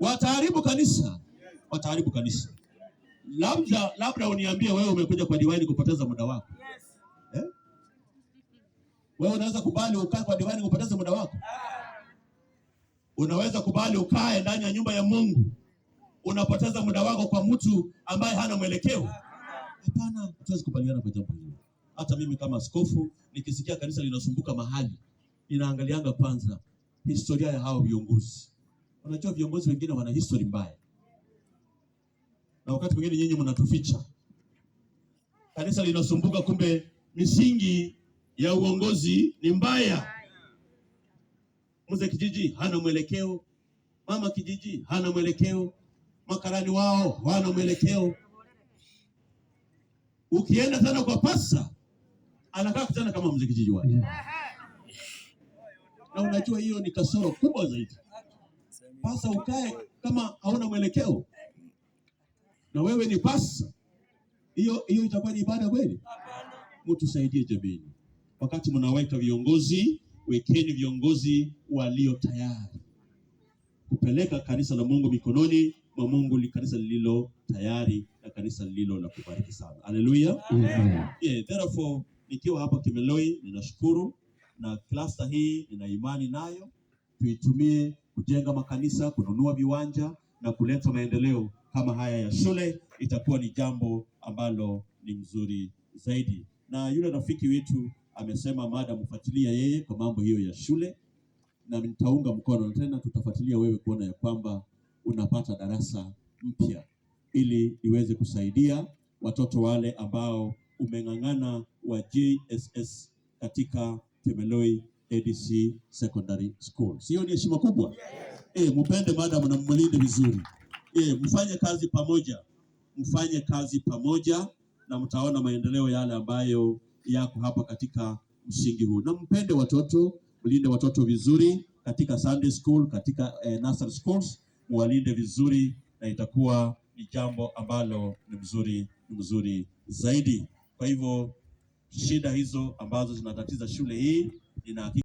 Wataharibu kanisa, wataharibu kanisa. Labda labda uniambie wewe, umekuja kwa diwani kupoteza muda wako eh? Wewe unaweza kubali ukae kwa diwani kupoteza muda wako? Unaweza kubali ukae ndani ya nyumba ya Mungu unapoteza muda wako kwa mtu ambaye hana mwelekeo? Hapana, hatuwezi kubaliana kwa jambo hilo. Hata mimi kama askofu nikisikia kanisa linasumbuka mahali, ninaangalianga kwanza historia ya hao viongozi Unajua viongozi wengine wana history mbaya, na wakati mwingine nyinyi mnatuficha. Kanisa linasumbuka, kumbe misingi ya uongozi ni mbaya. Mzee kijiji hana mwelekeo, mama kijiji hana mwelekeo, makarani wao hawana mwelekeo. Ukienda sana kwa pasa, anakaa kutana kama mzee kijiji wake, na unajua hiyo ni kasoro kubwa zaidi. Pasa ukae kama hauna mwelekeo, na wewe ni pasa hiyo hiyo, itakuwa ni ibada kweli? Mtusaidie jamii, wakati mnaweka viongozi, wekeni viongozi walio tayari kupeleka kanisa la Mungu mikononi mwa Mungu, ni kanisa lililo tayari na kanisa lililo la kubariki sana. Haleluya, Yeah, therefore nikiwa hapa kimeloi ninashukuru na klasta hii nina imani nayo, tuitumie kujenga makanisa, kununua viwanja na kuleta maendeleo kama haya ya shule, itakuwa ni jambo ambalo ni mzuri zaidi. Na yule rafiki wetu amesema mada mfuatilia yeye kwa mambo hiyo ya shule, na nitaunga mkono tena, tutafuatilia wewe kuona ya kwamba unapata darasa mpya ili iweze kusaidia watoto wale ambao umeng'ang'ana wa JSS katika Temeloi ADC Secondary School. Sio ni heshima kubwa yes. Eh, e, mpende madam na mmlinde vizuri e, mfanye kazi pamoja, mfanye kazi pamoja na mtaona maendeleo yale ambayo yako hapa katika msingi huu, na mpende watoto, mlinde watoto vizuri katika Sunday school, katika eh, nursery schools mwalinde vizuri, na itakuwa ni jambo ambalo ni mzuri ni mzuri zaidi. Kwa hivyo shida hizo ambazo zinatatiza shule hii nina